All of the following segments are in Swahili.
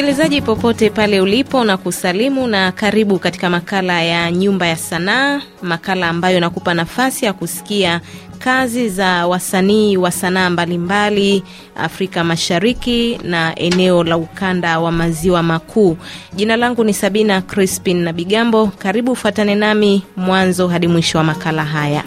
Msikilizaji popote pale ulipo, na kusalimu na karibu katika makala ya Nyumba ya Sanaa, makala ambayo inakupa nafasi ya kusikia kazi za wasanii wa sanaa mbalimbali Afrika Mashariki na eneo la ukanda wa maziwa makuu. Jina langu ni Sabina Crispin na Bigambo. Karibu ufuatane nami mwanzo hadi mwisho wa makala haya.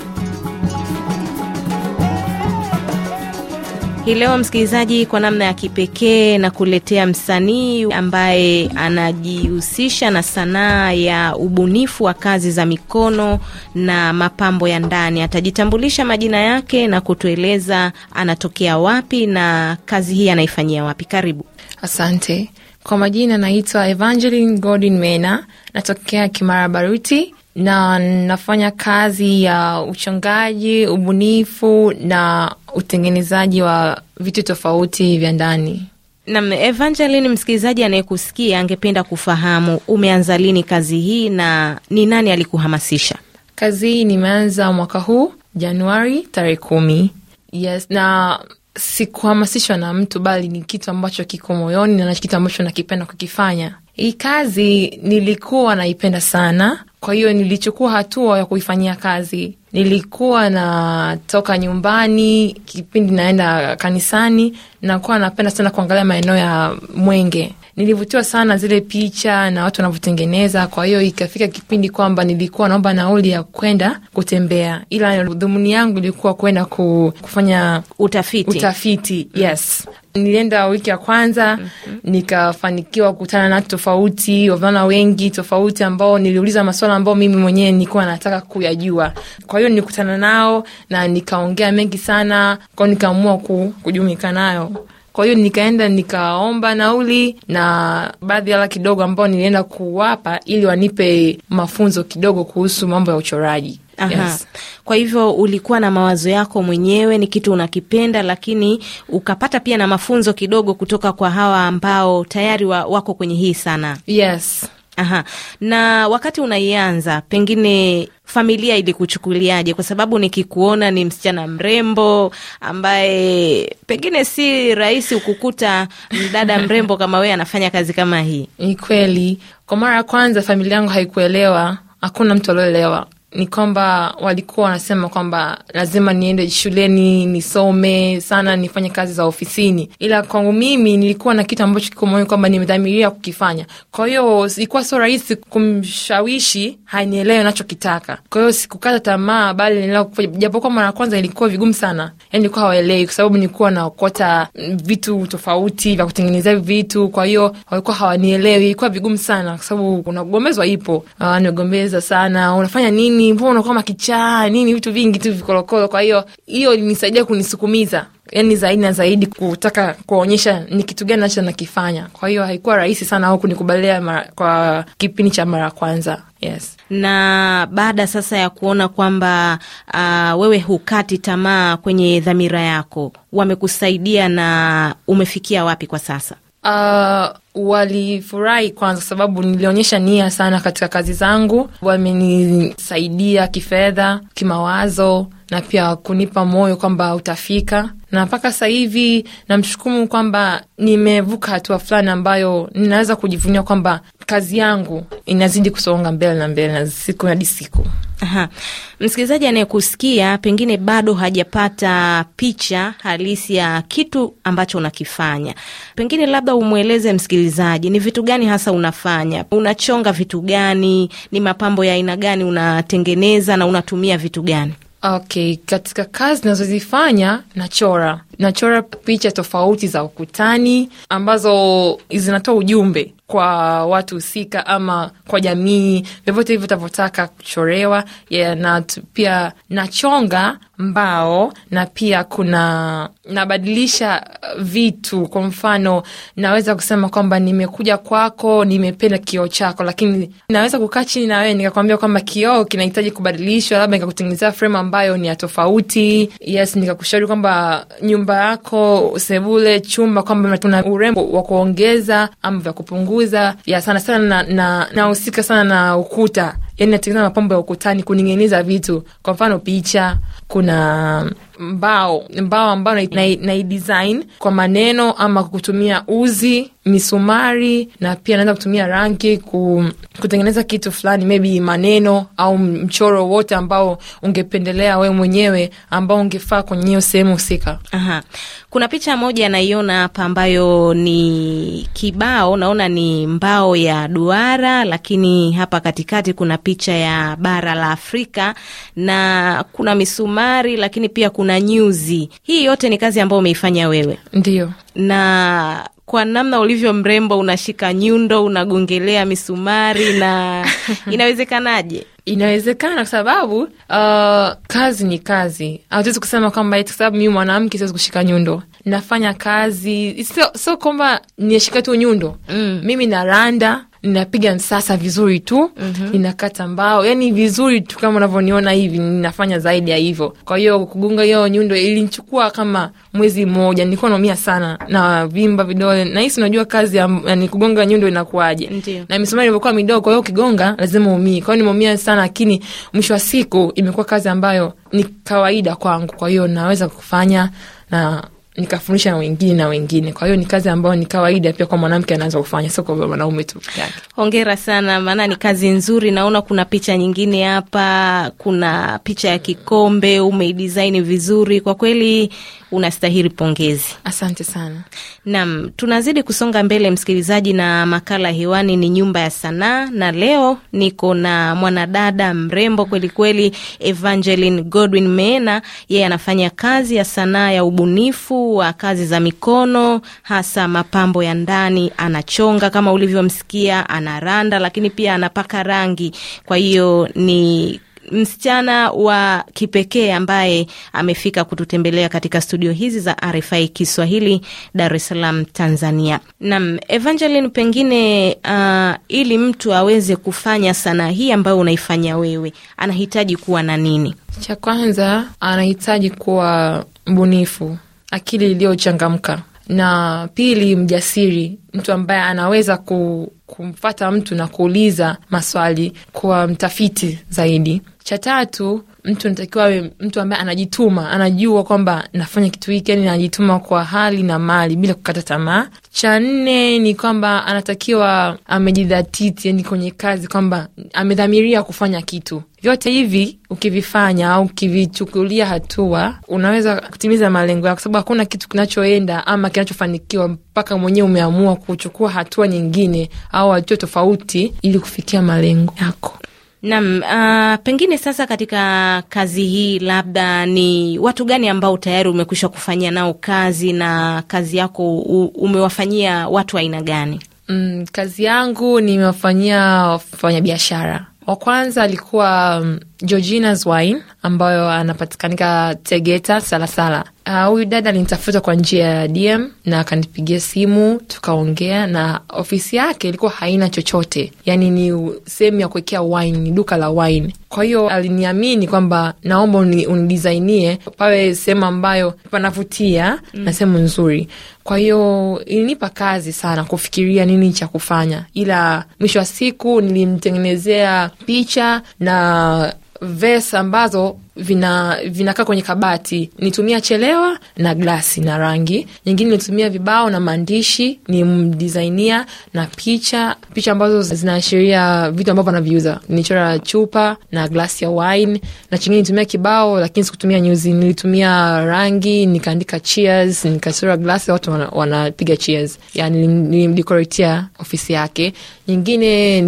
Hii leo msikilizaji, kwa namna ya kipekee na kuletea msanii ambaye anajihusisha na sanaa ya ubunifu wa kazi za mikono na mapambo ya ndani. Atajitambulisha majina yake na kutueleza anatokea wapi na kazi hii anaifanyia wapi. Karibu. Asante. Kwa majina naitwa Evangeline Godwin Mena, natokea Kimara Baruti na nafanya kazi ya uchongaji, ubunifu na utengenezaji wa vitu tofauti vya ndani. Nam Evangelini, msikilizaji anayekusikia angependa kufahamu umeanza lini kazi hii na ni nani alikuhamasisha kazi hii? Nimeanza mwaka huu Januari tarehe kumi. Yes, na sikuhamasishwa na mtu, bali ni kitu ambacho kiko moyoni na kitu ambacho nakipenda kukifanya. Hii kazi nilikuwa naipenda sana kwa hiyo nilichukua hatua ya kuifanyia kazi. Nilikuwa natoka nyumbani kipindi naenda kanisani, nakuwa napenda sana kuangalia maeneo ya Mwenge nilivutiwa sana zile picha na watu wanavyotengeneza. Kwa hiyo ikafika kipindi kwamba nilikuwa naomba nauli ya kwenda kutembea, ila dhumuni yangu ilikuwa kwenda ku, kufanya utafiti, utafiti mm. yes. Nilienda wiki ya kwanza mm -hmm. Nikafanikiwa kukutana na watu tofauti, wavulana wengi tofauti, ambao niliuliza maswala ambao mimi mwenyewe nilikuwa nataka kuyajua. Kwa hiyo nilikutana nao na nikaongea mengi sana kwao, nikaamua kujumuika nayo. Kwa hiyo nikaenda nikaomba nauli na baadhi ya hela kidogo ambao nilienda kuwapa ili wanipe mafunzo kidogo kuhusu mambo ya uchoraji. Aha. Yes. Kwa hivyo ulikuwa na mawazo yako mwenyewe, ni kitu unakipenda, lakini ukapata pia na mafunzo kidogo kutoka kwa hawa ambao tayari wa, wako kwenye hii sana. Yes. Aha. Na wakati unaianza pengine familia ilikuchukuliaje? Kwa sababu nikikuona ni msichana mrembo ambaye pengine si rahisi ukukuta mdada mrembo kama wewe anafanya kazi kama hii. Ni kweli, kwa mara ya kwanza familia yangu haikuelewa, hakuna mtu alioelewa ni kwamba walikuwa wanasema kwamba lazima niende shuleni nisome sana nifanye kazi za ofisini, ila kwangu mimi nilikuwa na kitu ambacho kiko moyo kwamba nimedhamiria kukifanya. Kwa hiyo ilikuwa sio rahisi kumshawishi hanielewe nachokitaka. Kwa hiyo sikukata tamaa, bali japokuwa mara ya kwanza ilikuwa vigumu sana, yani nilikuwa hawaelewi kwa sababu nilikuwa naokota vitu tofauti vya kutengenezea vitu, kwa hiyo walikuwa hawanielewi. Ilikuwa vigumu sana kwa sababu unagombezwa, ipo wanagombeza ah, sana, unafanya nini nini, mbona unakuwa makichaa nini, vitu vingi tu vikolokolo. Kwa hiyo hiyo ilinisaidia kunisukumiza yani zaidi na zaidi kutaka kuonyesha ni kitu gani nacho nakifanya. Kwa hiyo haikuwa rahisi sana au kunikubalia kwa kipindi cha mara ya kwanza. Yes. Na baada sasa ya kuona kwamba uh, wewe hukati tamaa kwenye dhamira yako, wamekusaidia na umefikia wapi kwa sasa? Uh, walifurahi kwanza, sababu nilionyesha nia sana katika kazi zangu. Wamenisaidia kifedha, kimawazo na pia kunipa moyo kwamba utafika, na mpaka sasa hivi namshukumu kwamba nimevuka hatua fulani ambayo ninaweza kujivunia kwamba kazi yangu inazidi kusonga mbele na mbele na siku hadi siku. Aha. Msikilizaji anayekusikia pengine bado hajapata picha halisi ya kitu ambacho unakifanya, pengine labda umweleze msikilizaji ni vitu gani hasa unafanya, unachonga vitu gani, ni mapambo ya aina gani unatengeneza na unatumia vitu gani? Okay, katika kazi nazozifanya nachora nachora picha tofauti za ukutani ambazo zinatoa ujumbe kwa watu husika ama kwa jamii vyovyote hivyo utavyotaka kuchorewa yeah, na pia nachonga mbao na pia kuna nabadilisha vitu. Kwa mfano, naweza kusema kwamba nimekuja kwako, nimependa kioo chako, lakini naweza kukaa chini na wewe nikakwambia kwamba kioo kinahitaji kubadilishwa, labda nikakutengenezea frem ambayo ni ya tofauti. Yes, nikakushauri kwamba nyumba nyumba yako, sebule, chumba, kwamba tuna urembo wa kuongeza ama vya kupunguza, ya sana sana nahusika na, na sana na ukuta, yani natengeneza mapambo ya ukutani, kuning'iniza vitu, kwa mfano picha, kuna mbao mbao ambao naidesign na, na kwa maneno ama kutumia uzi misumari na pia naweza kutumia rangi ku, kutengeneza kitu fulani maybe maneno au mchoro wote ambao ungependelea wewe mwenyewe ambao ungefaa kwenye hiyo sehemu husika. Kuna picha moja naiona hapa ambayo ni kibao, naona ni mbao ya duara, lakini hapa katikati kuna picha ya bara la Afrika na kuna misumari, lakini pia kuna na nyuzi. Hii yote ni kazi ambayo umeifanya wewe, ndio na kwa namna ulivyo mrembo, unashika nyundo, unagongelea misumari na inawezekanaje? Inawezekana kwa sababu uh, kazi ni kazi. Hatuwezi kusema kwamba kwa sababu mimi mwanamke siwezi kushika nyundo. Nafanya kazi, sio so kwamba nishika tu nyundo mm. Mimi naranda ninapiga msasa vizuri tu mm -hmm. inakata mbao, yani vizuri tu kama unavyoniona hivi, ninafanya zaidi ya hivyo. Kwa hiyo kugunga hiyo nyundo ilinichukua kama mwezi mmoja, nilikuwa naumia sana na vimba vidole, na hisi unajua kazi ya yani, kugonga nyundo inakuaje, na misumari ilivyokuwa midogo, kwa hiyo ukigonga lazima umii. Kwa hiyo nimeumia sana, lakini mwisho wa siku imekuwa kazi ambayo ni kawaida kwangu, kwa hiyo naweza kufanya na nikafundisha na wengine na wengine. Kwa hiyo ni kazi ambayo ni kawaida pia kwa mwanamke anaweza kufanya, sio kwa mwanaume tu peke yake. Hongera sana, maana ni kazi nzuri. Naona kuna picha nyingine hapa, kuna picha ya kikombe umeidisaini vizuri, kwa kweli unastahili pongezi. Asante sana. Naam, tunazidi kusonga mbele, msikilizaji, na makala hewani ni Nyumba ya Sanaa, na leo niko na mwanadada mrembo kwelikweli, Evangeline Godwin Mena. Yeye anafanya kazi ya sanaa ya ubunifu mkuu wa kazi za mikono, hasa mapambo ya ndani. Anachonga kama ulivyomsikia, anaranda, lakini pia anapaka rangi. Kwa hiyo ni msichana wa kipekee ambaye amefika kututembelea katika studio hizi za RFI Kiswahili, Dar es Salaam, Tanzania. nam Evangeline, pengine uh, ili mtu aweze kufanya sanaa hii ambayo unaifanya wewe, anahitaji kuwa na nini? Cha kwanza anahitaji kuwa mbunifu akili iliyochangamka na pili, mjasiri, mtu ambaye anaweza ku, kumfata mtu na kuuliza maswali, kuwa mtafiti zaidi. Cha tatu, mtu anatakiwa awe mtu ambaye anajituma, anajua kwamba nafanya kitu hiki, yani anajituma kwa hali na mali bila kukata tamaa. Cha nne ni kwamba anatakiwa amejidhatiti, yani kwenye kazi, kwamba amedhamiria kufanya kitu. Vyote hivi ukivifanya au ukivichukulia hatua, unaweza kutimiza malengo yako, kwa sababu hakuna kitu kinachoenda ama kinachofanikiwa mpaka mwenyewe umeamua kuchukua hatua nyingine au hatua tofauti ili kufikia malengo yako nam uh, ah, pengine sasa katika kazi hii labda ni watu gani ambao tayari umekwisha kufanyia nao kazi na kazi yako umewafanyia watu aina gani? Mm, kazi yangu nimewafanyia wafanyabiashara. Wa kwanza alikuwa mm, Georgina Zwine ambayo anapatikanika Tegeta Salasala. Ah, huyu uh, dada alinitafuta kwa njia ya DM na akanipigia simu tukaongea, na ofisi yake ilikuwa haina chochote, yani ni sehemu ya kuwekea wine, ni duka la wine. Kwa hiyo aliniamini kwamba naomba unidisainie pawe sehemu ambayo panavutia mm, na sehemu nzuri. Kwa hiyo ilinipa kazi sana kufikiria nini cha kufanya, ila mwisho wa siku nilimtengenezea picha na ves ambazo vina vinakaa kwenye kabati. Nitumia chelewa na glasi na rangi nyingine, nitumia vibao na maandishi, ni mdisainia na picha, picha ambazo zinaashiria vitu ambavyo anaviuza. Nichora chupa na glasi ya wine, na chingine nitumia kibao, lakini sikutumia nyuzi, nilitumia rangi, nikaandika cheers, nikachora glasi, watu wanapiga wana cheers. Yani nilimdekoratia ofisi yake. Nyingine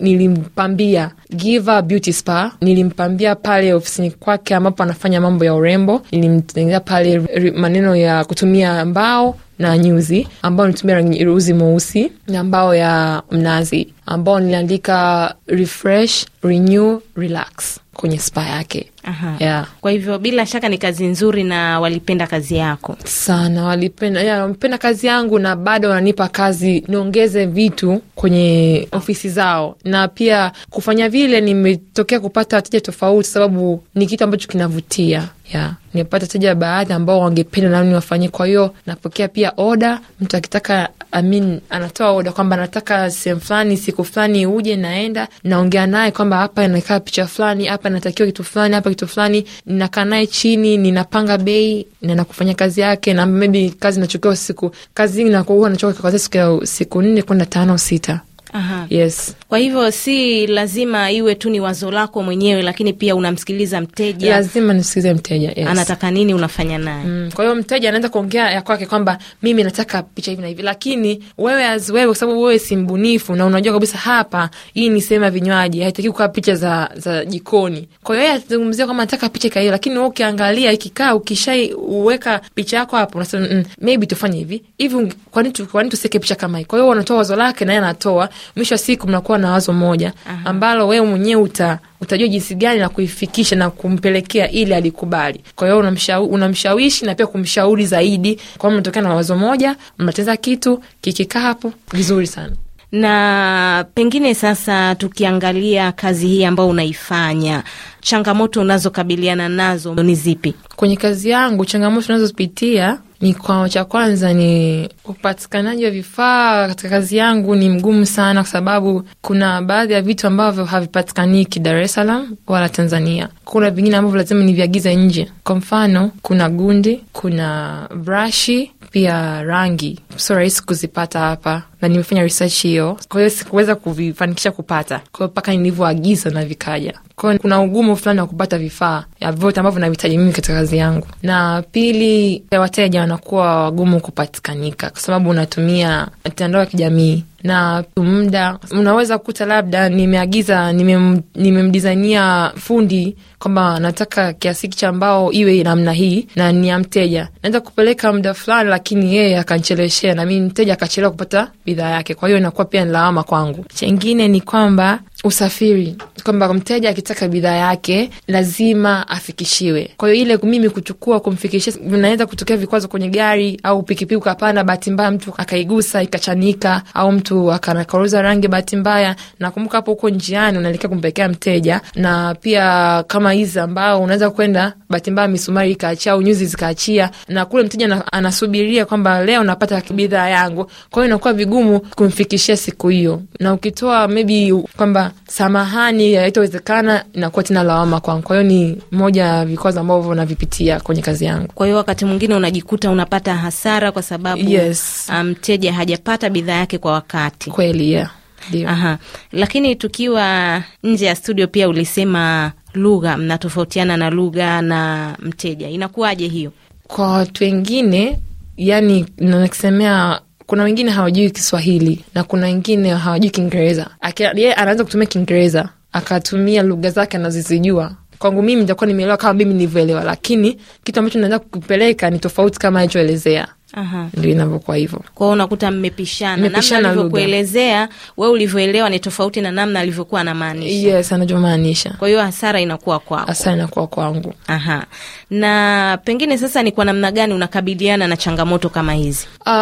nilimpambia Giva Beauty Spa, nilimpambia pale ofisini kwake ambapo anafanya mambo ya urembo. ilimtengeneza pale maneno ya kutumia mbao na nyuzi ambao nilitumia rangi mweusi na mbao ya mnazi ambao niliandika refresh, renew, relax kwenye spa yake yeah. Kwa hivyo bila shaka ni kazi nzuri, na walipenda kazi yako sana, walipenda yeah, walipenda kazi yangu, na bado wananipa kazi niongeze vitu kwenye ofisi zao, na pia kufanya vile nimetokea kupata wateja tofauti, sababu ni kitu ambacho kinavutia yeah. Nimepata wateja baadhi ambao wangependa nami wafanyie, kwa hiyo napokea pia oda, mtu akitaka I mean, anatoa oda kwamba anataka sehemu fulani siku fulani uje, naenda naongea naye kwamba hapa inakaa picha fulani hapa hapa natakiwa kitu fulani, hapa kitu fulani, ninakaa naye chini, ninapanga bei na nakufanya kazi yake, na maybe kazi nachokewa siku kazi nakuwa nachoka kazi siku nne kwenda tano sita Yes. Kwa hivyo si lazima iwe tu ni wazo lako mwenyewe, lakini pia unamsikiliza mteja. Lazima nisikilize mteja, yes. Anataka nini, unafanya naye mm. Kwa hiyo mteja anaweza kuongea ya kwake kwamba mimi nataka picha hivi na hivi, lakini wewe as wewe, kwa sababu wewe si mbunifu na unajua kabisa hapa hii ni sehemu ya vinywaji, haitaki kukaa picha za, za jikoni. Kwa hiyo yeye atazungumzia kwamba nataka picha kahiyo, lakini we ukiangalia ikikaa, ukishaiweka picha yako hapo, unasema mm, maybe tufanye hivi hivi, kwani tusiweke picha kama hii. Kwa hiyo wanatoa wazo lake naye anatoa mwisho wa siku mnakuwa na wazo moja Aha. ambalo wewe mwenyewe uta utajua jinsi gani na kuifikisha na kumpelekea ili alikubali. Kwa hiyo unamshawishi, unamshawishi na pia kumshauri zaidi, kwa natokea na wazo moja, mnateza kitu kikikaa hapo vizuri sana na pengine sasa, tukiangalia kazi hii ambayo unaifanya, changamoto unazokabiliana nazo ni zipi? Kwenye kazi yangu, changamoto unazozipitia Mikwamo cha kwanza ni upatikanaji wa vifaa katika kazi yangu ni mgumu sana, kwa sababu kuna baadhi ya vitu ambavyo havipatikaniki Dar es Salaam wala Tanzania. Kuna vingine ambavyo lazima niviagiza nje, kwa mfano kuna gundi, kuna brashi, pia rangi sio rahisi kuzipata hapa na nimefanya research hiyo, kwa hiyo sikuweza kuvifanikisha kupata, kwa hiyo mpaka nilivyoagiza na vikaja. Kwa hiyo kuna ugumu fulani wa kupata vifaa ya vyote ambavyo navihitaji mimi katika kazi yangu, na pili, ya wateja wanakuwa wagumu kupatikanika kwa sababu unatumia mitandao ya kijamii na muda unaweza kuta labda nimeagiza nimemdizainia nime fundi kwamba nataka kiasi cha mbao iwe namna hii na ni ya mteja, naweza kupeleka muda fulani, lakini yeye akancheleshea, nami mteja akachelewa kupata bidhaa bidhaa yake, kwa hiyo inakuwa pia ni lawama kwangu. Chengine ni kwamba usafiri kwamba mteja akitaka bidhaa yake lazima afikishiwe. Kwa hiyo ile mimi kuchukua kumfikishia, vinaweza kutokea vikwazo kwenye gari au pikipiki, ukapanda bahati mbaya mtu akaigusa ikachanika, au mtu akakoroza rangi bahati mbaya. Nakumbuka hapo huko njiani unaelekea kumpelekea mteja, na pia kama hizi ambao unaweza kwenda bahati mbaya misumari ikaachia au nyuzi zikaachia, na kule mteja anasubiria kwamba leo napata bidhaa yangu, kwa hiyo inakuwa vigumu kumfikishia siku hiyo, na ukitoa maybe kwamba samahani, haitowezekana, inakuwa tena lawama kwangu. Kwa hiyo ni moja ya vikwazo ambavyo navipitia kwenye kazi yangu. Kwa hiyo wakati mwingine unajikuta unapata hasara kwa sababu yes, ah, mteja um, hajapata bidhaa yake kwa wakati. Kweli, yeah. Aha. Lakini tukiwa nje ya studio pia ulisema lugha mnatofautiana na lugha na mteja, inakuwaje hiyo? Kwa watu wengine, yani nakisemea kuna wengine hawajui Kiswahili na kuna wengine hawajui Kiingereza. Ye anaweza kutumia Kiingereza akatumia lugha zake anazizijua Kwangu mimi nitakuwa nimeelewa kama mimi nilivyoelewa, lakini kitu ambacho naweza kukipeleka ni tofauti kama alichoelezea ndio inavyokuwa hivyo. Kwao unakuta mmepishana, namna alivyokuelezea we ulivyoelewa ni tofauti na namna alivyokuwa anamaanisha. Yes, anavyomaanisha. Kwa hiyo hasara inakuwa kwako, hasara inakuwa kwangu. Aha. Na pengine sasa ni kwa namna gani unakabiliana na changamoto kama hizi? Uh,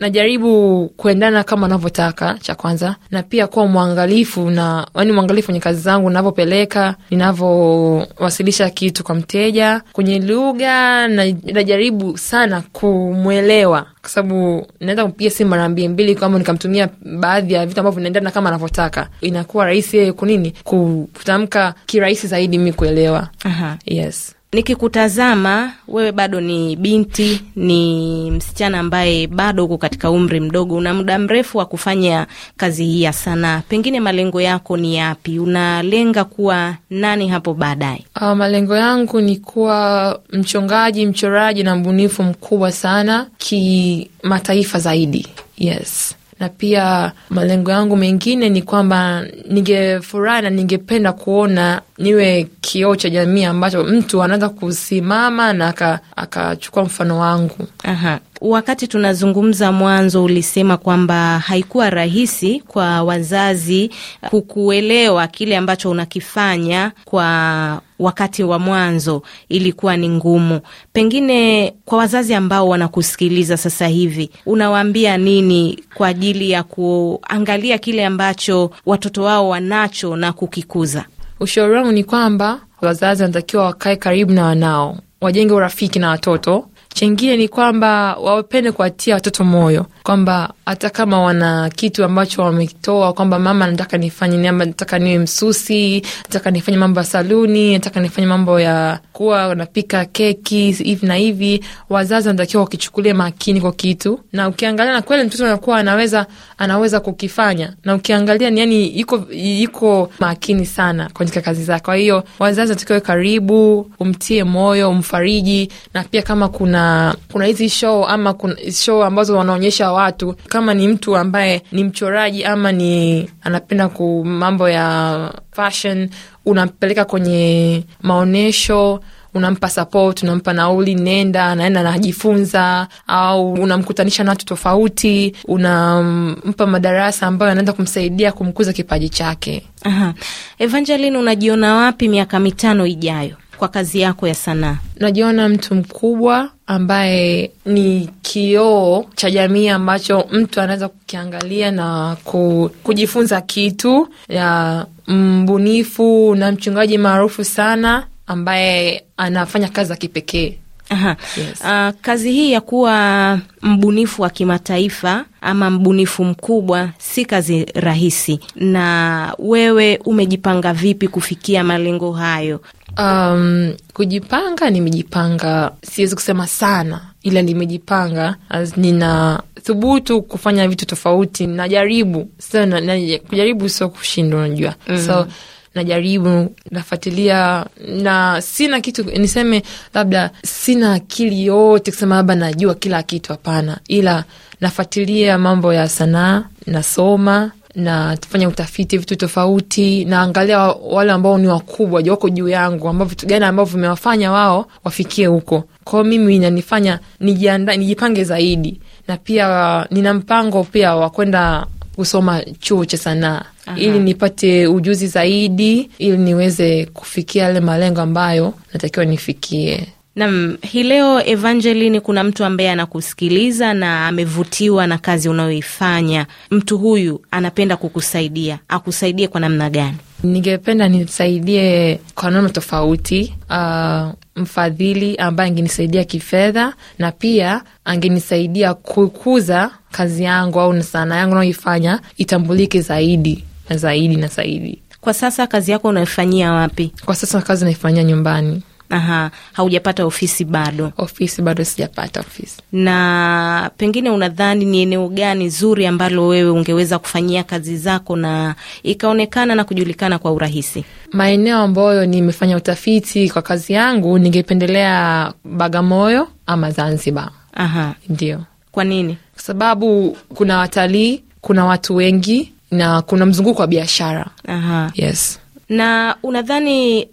najaribu kuendana kama anavyotaka cha kwanza, na pia kuwa mwangalifu na yani mwangalifu kwenye kazi zangu, navyopeleka, ninavyowasilisha kitu kwa mteja, kwenye lugha najaribu sana ku kumwelewa, kwa sababu naweza kupiga simu mara mbili mbili, kama nikamtumia baadhi ya vitu ambavyo vinaendana kama anavyotaka, inakuwa rahisi yeye kunini kutamka kirahisi zaidi mi kuelewa. Aha. Yes. Nikikutazama wewe bado ni binti, ni msichana ambaye bado uko katika umri mdogo, una muda mrefu wa kufanya kazi hii ya sanaa. Pengine malengo yako ni yapi? Unalenga kuwa nani hapo baadaye? Uh, malengo yangu ni kuwa mchongaji, mchoraji na mbunifu mkubwa sana kimataifa zaidi. Yes na pia malengo yangu mengine ni kwamba ningefurahi na ningependa kuona niwe kioo cha jamii ambacho mtu anaweza kusimama na akachukua mfano wangu. Aha wakati tunazungumza mwanzo, ulisema kwamba haikuwa rahisi kwa wazazi kukuelewa kile ambacho unakifanya kwa wakati wa mwanzo ilikuwa ni ngumu. Pengine kwa wazazi ambao wanakusikiliza sasa hivi, unawaambia nini kwa ajili ya kuangalia kile ambacho watoto wao wanacho na kukikuza? Ushauri wangu ni kwamba wazazi wanatakiwa wakae karibu na wanao, wajenge urafiki na watoto Chengine ni kwamba wapende kuwatia watoto moyo kwamba hata kama wana kitu ambacho wametoa kwamba mama, nataka nifanye, ama nataka niwe msusi, nataka nifanye mambo ya saluni, nataka nifanye mambo ya kuwa napika keki hivi na hivi. Wazazi wanatakiwa wakichukulia makini kwa kitu, na ukiangalia na kweli mtoto anakuwa anaweza anaweza kukifanya, na ukiangalia ni yani iko iko makini sana katika kazi zake. Kwa hiyo wazazi wanatakiwa karibu, umtie moyo, umfariji, na pia kama kuna kuna kuna hizi show ama kuna show ambazo wanaonyesha watu, kama ni mtu ambaye ni mchoraji ama ni anapenda ku mambo ya fashion, unampeleka kwenye maonyesho unampa support, unampa nauli, nenda naenda, anajifunza, au unamkutanisha na watu tofauti, unampa madarasa ambayo anaenda kumsaidia kumkuza kipaji chake. Aha. Evangeline, unajiona wapi miaka mitano ijayo? kwa kazi yako ya sanaa? Najiona mtu mkubwa ambaye ni kioo cha jamii ambacho mtu anaweza kukiangalia na ku, kujifunza kitu ya mbunifu na mchungaji maarufu sana ambaye anafanya kazi za kipekee. Aha. Yes. Uh, kazi hii ya kuwa mbunifu wa kimataifa ama mbunifu mkubwa si kazi rahisi, na wewe umejipanga vipi kufikia malengo hayo? Um, kujipanga, nimejipanga, siwezi kusema sana, ila nimejipanga, nina thubutu kufanya vitu tofauti, najaribu sana, kujaribu sio kushindwa, unajua mm. so najaribu, nafuatilia, na sina kitu niseme, labda sina akili yote kusema labda najua kila kitu, hapana, ila nafuatilia mambo ya sanaa, nasoma nafanya utafiti vitu tofauti, naangalia wale ambao ni wakubwa wako juu yangu, ambao vitu gani ambavyo vimewafanya wao wafikie huko. Kwao mimi inanifanya nijipange zaidi, na pia nina mpango pia wa kwenda kusoma chuo cha sanaa ili nipate ujuzi zaidi, ili niweze kufikia yale malengo ambayo natakiwa nifikie. Nam, hii leo Evangeline, kuna mtu ambaye anakusikiliza na amevutiwa na kazi unayoifanya. Mtu huyu anapenda kukusaidia, akusaidie kwa namna gani? Ningependa nisaidie kwa namna tofauti. Uh, mfadhili ambaye angenisaidia kifedha na pia angenisaidia kukuza kazi yangu au sanaa yangu unayoifanya itambulike zaidi na zaidi na zaidi. Kwa sasa kazi yako unaifanyia wapi? Kwa sasa kazi naifanyia nyumbani. Aha, haujapata ofisi bado? Ofisi bado sijapata ofisi. Na pengine unadhani ni eneo gani zuri ambalo wewe ungeweza kufanyia kazi zako na ikaonekana na kujulikana kwa urahisi? Maeneo ambayo nimefanya utafiti kwa kazi yangu, ningependelea Bagamoyo ama Zanzibar. Aha, ndio. Kwa nini? Kwa sababu kuna watalii, kuna watu wengi na kuna mzunguko wa biashara. Aha, yes. Na unadhani uh,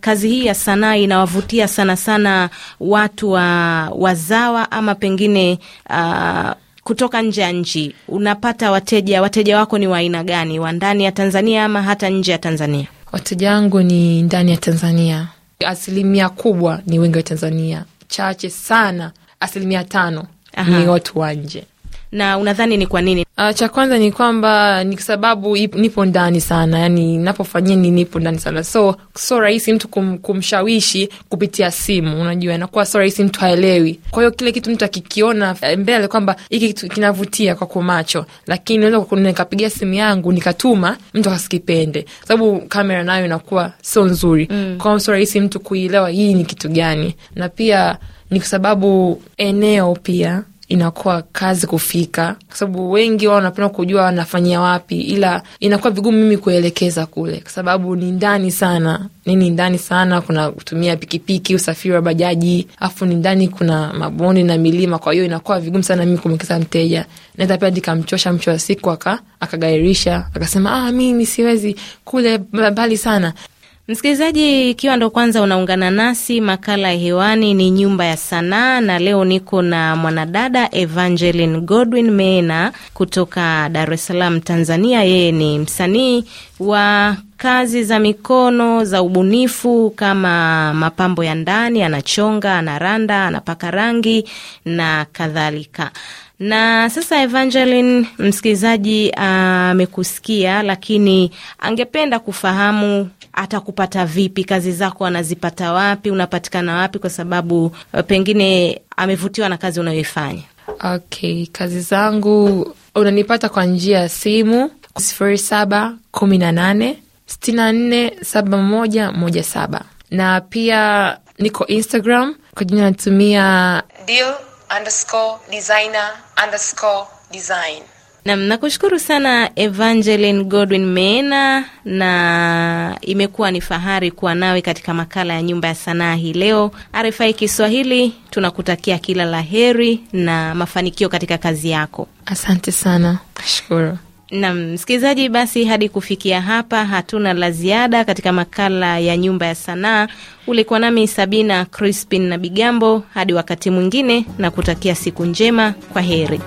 kazi hii ya sanaa inawavutia sana sana watu wa wazawa ama pengine uh, kutoka nje ya nchi? Unapata wateja, wateja wako ni wa aina gani, wa ndani ya Tanzania ama hata nje ya Tanzania? Wateja wangu ni ndani ya Tanzania, asilimia kubwa ni wengi wa Tanzania, chache sana, asilimia tano Aha. ni watu wa nje na unadhani ni kwa nini? Uh, cha kwanza ni kwamba ni kwa sababu nipo ndani sana, yani napofanyia ni nipo ndani sana, so so rahisi mtu kum, kumshawishi kupitia simu, unajua inakuwa so rahisi, mtu haelewi. Kwa hiyo kile kitu mtu akikiona eh, mbele kwamba hiki kitu kinavutia kwa macho, lakini naweza nikapigia simu yangu nikatuma mtu akasikipende, sababu kamera nayo inakuwa sio nzuri mm. Kwa so rahisi mtu kuielewa hii ni kitu gani, na pia ni kwa sababu eneo pia inakuwa kazi kufika, kwa sababu wengi wao wanapenda kujua wanafanyia wapi, ila inakuwa vigumu mimi kuelekeza kule, kwa sababu ni ndani sana, nini ndani sana, kuna kutumia pikipiki, usafiri wa bajaji, afu ni ndani, kuna mabonde na milima, kwa hiyo inakuwa vigumu sana mimi kumwekeza mteja. Naweza pia nikamchosha, mwisho wa siku akagairisha, akasema ah, mimi siwezi kule mbali sana. Msikilizaji, ikiwa ndo kwanza unaungana nasi, makala ya hewani ni Nyumba ya Sanaa, na leo niko na mwanadada Evangeline Godwin mena kutoka Dar es Salaam, Tanzania. Yeye ni msanii wa kazi za mikono za ubunifu kama mapambo ya ndani, anachonga, anaranda, anapaka rangi na kadhalika. Na sasa Evangeline, msikilizaji amekusikia, uh, lakini angependa kufahamu atakupata vipi, kazi zako anazipata wapi, unapatikana wapi, kwa sababu eh, pengine amevutiwa na kazi unayoifanya. Okay, kazi zangu unanipata kwa njia ya simu sifuri na na pia niko Instagram kwa jina natumia deal underscore designer underscore design. Nam, nakushukuru sana Evangeline Godwin Meena, na imekuwa ni fahari kuwa nawe katika makala ya Nyumba ya Sanaa hii leo. RFI Kiswahili tunakutakia kila la heri na mafanikio katika kazi yako. Asante sana, nashukuru. Nam msikilizaji, basi hadi kufikia hapa hatuna la ziada katika makala ya Nyumba ya Sanaa. Ulikuwa nami Sabina Crispin na Bigambo. Hadi wakati mwingine, na kutakia siku njema. Kwa heri.